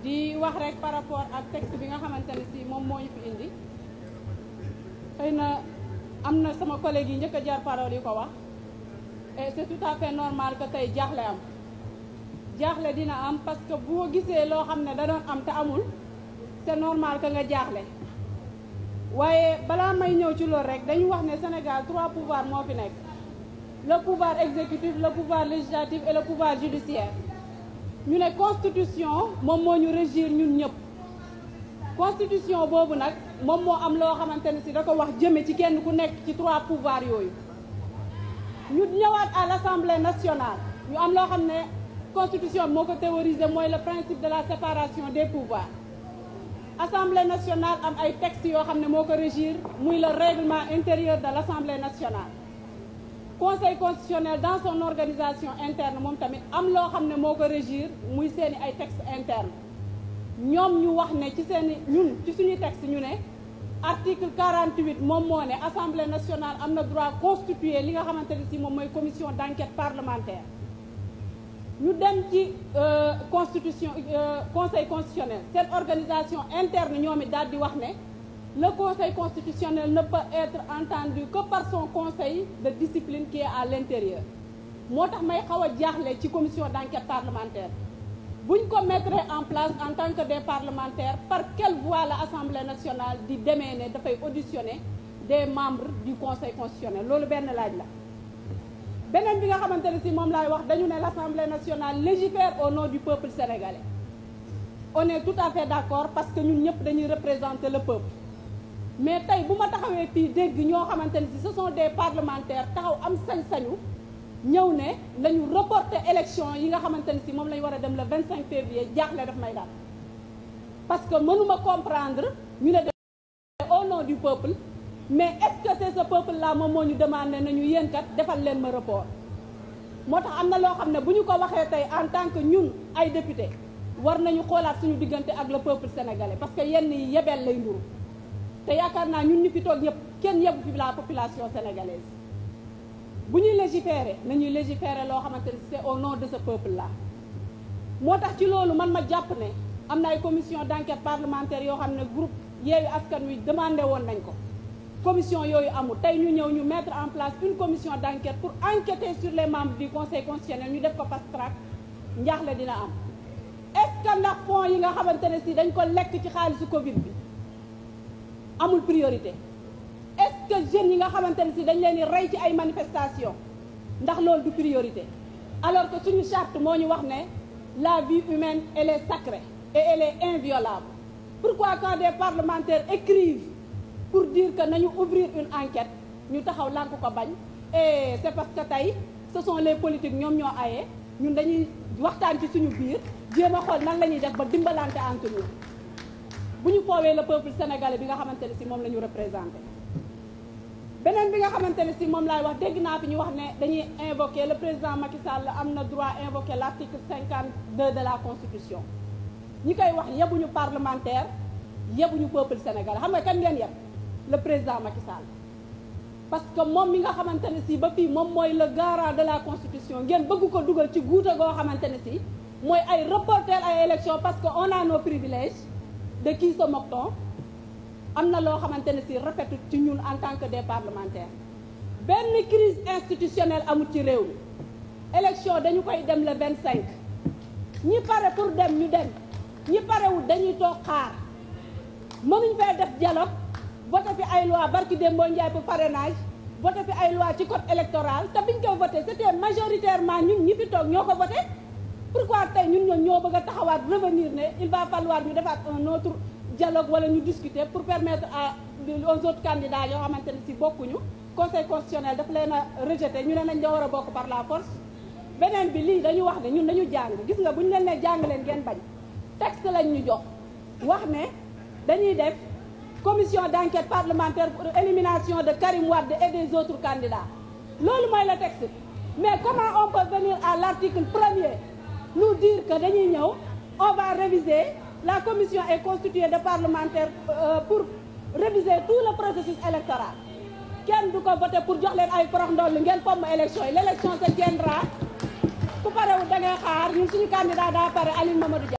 di wax rek par rapport ak texte bi nga xamante ne si moom moo ñu fi indi xëy na am na sama collègue yi njëkk a jaar parole yi ko wax et tout à fait normal que tey jaaxle am jaaxle dina am parce que boo gisee loo xam ne da doon am te amul c'est normal que nga jaaxle waaye balaa may ñëw ci loolu rek dañu wax ne Sénégal trois pouvoirs moo fi nekk le pouvoir exécutif la pouvoir législatif et le pouvoir judiciaire ñu ne constitution moom moo ñu régir ñun ñëpp constitution boobu nag moom moo am loo xamante ne si da ko wax jëme ci kenn ku nekk ci trois pouvoir yooyu ñu ñëwaat à l'Assemblée nationale ñu am loo xam ne constitution moo ko théorisé mooy le principe de la séparation des pouvoirs Assemblée nationale am ay textes yoo xam ne moo ko régir muy le règlement intérieur de l'Assemblée nationale conseil constitutionnel dans son organisation interne moom tamit am loo xam ne moo ko régir muy seeni ay texte interne ñoom ñu wax ne ci seeni ñun ci suñuy texte ñu ne article 48 moom moo ne assemblée nationale am na droit constituer li nga xamante ne si moom mooy commission d'enquête parlementaire ñu dem ci euh, constitution euh, conseil constitutionnel cette organisation interne ñoom it daal di wax ne le Conseil constitutionnel ne peut être entendu que par son conseil de discipline qui est à l'intérieur moo tax may xaw a jaaxle ci commission d'enquête parlementaire buñ ko mettre en place en tant que des parlementaires par quelle voie la Assemblée nationale di demee ne dafay auditionner des membres du Conseil constitutionnel loolu benn laaj la beneen bi nga xamante ne si moom laay wax dañu ne l'Assemblée nationale légifère au nom du peuple sénégalais on est tout à fait d'accord parce que ñun ñëpp dañuy représenter le peuple mais tey bu taxawee fii dégg ñoo xamante ne si ce sont des parlementaires taxaw am sañ-sañu ñëw ne la ñu reporter élection yi nga xamante ne si moom la ñu war a dem le 25 février jaaxle daf may daal parce que mënuma comprendre ñu ne au nom du peuple mais est-ce que c'est moom moo ñu demandé nañu yéen kat defal leen ma report moo tax am na loo xam ne bu ñu ko waxee tey en tant que ñun ay député war nañu xoolaat suñu diggante ak le peuple sénégalais parce que yenn yi yebeel lay nduru te yaakaar naa ñun ñu fi toog ñëpp kenn yebu fi la population sénégalaise bu ñuy légiférer nañuy légiférer loo xamante ni c'est au nom de ce peuple la moo tax ci loolu man ma jàpp ne am na ay commission d'enquête parlementaire yoo xam ne groupe Yewwi Askan Wi demande woon nañ ko commission yooyu amul tey ñu ñëw ñu metre en place une commission d'enquête pour enquêter sur les membres du conseil constitutionnel ñu def ko fast track njaaxle dina am est-ce que ndax fonds yi nga xamante ne si dañ ko lekk ci xaalisu Covid bi amul priorité est-ce jeunes yi nga xamante ne si dañ leen di rey ci ay manifestation ndax loolu du priorité alors que suñu charte moo ñu wax ne la vie humaine elle est sacrée et elle est inviolable pourquoi quand des parlementaires écrivent pour dire que nañu ouvrir une enquête ñu taxaw lànk ko bañ et parce que tey ce sont les politiques ñoom ñoo aye ñun dañuy waxtaan ci suñu biir jéem a nan la ñuy def ba dimbalante entre bu ñu foowee le peuple sénégalais bi nga xamante ne si moom lañu ñu représenté beneen bi nga xamante ne si moom laay wax dégg naa fi ñu wax ne dañuy invoquer le président Macky Sall am na droit invoquer l' cinquante 52 de la constitution ñi koy wax yebuñu parlementaire ñu peuple sénégalais xam nga kan ngeen yeb le président Macky Sall parce que moom mi nga xamante ne si ba fii moom mooy le garant de la constitution ngeen bëgg ko dugal ci guute goo xamante ne si mooy ay reporter ay élection parce que on a nos privilèges de qui se moque am na loo xamante ne si rafetul ci ñun en tant que des parlementaires benn crise institutionnelle amul ci réew mi élection dañu koy dem le vingt cinq ñi pare pour dem ñu dem ñi parewul dañuy toog xaar mënuñ fee def dialogue voté fi ay loi barki boo Ndiaye bu parrainage voté fi ay loi ci code électoral te biñ koy voté c'était majoritairement ñun ñi fi toog ñoo ko voté dañoo bëgg a taxawaat revenir ne il va falloir ñu defaat un autre dialogue wala ñu discuter pour permettre a aux autres candidats yoo xamante ne si bokkuñu conseil constitutionnel daf leen a rejeté ñu ne nañ da war a bokk par la force beneen bi lii dañu wax ne ñun dañu jàng gis nga bu ñu leen ne jàng leen ngeen bañ texte lañ ñu jox wax ne dañuy def commission d'enquête parlementaire pour élimination de Karim Wade et des autres candidats loolu mooy le texte mais à l'article premier nous dire que dañuy ñëw on va la commission est constituée de parlementaires euh, pour réviser tout le processus électoral kenn du ko voté pour jox leen ay porox ndollu ngeen fomm élection yi l' élection se tiendra ku parewul da xaar ñun suñu candidat daa pare Aline Mamadou Dia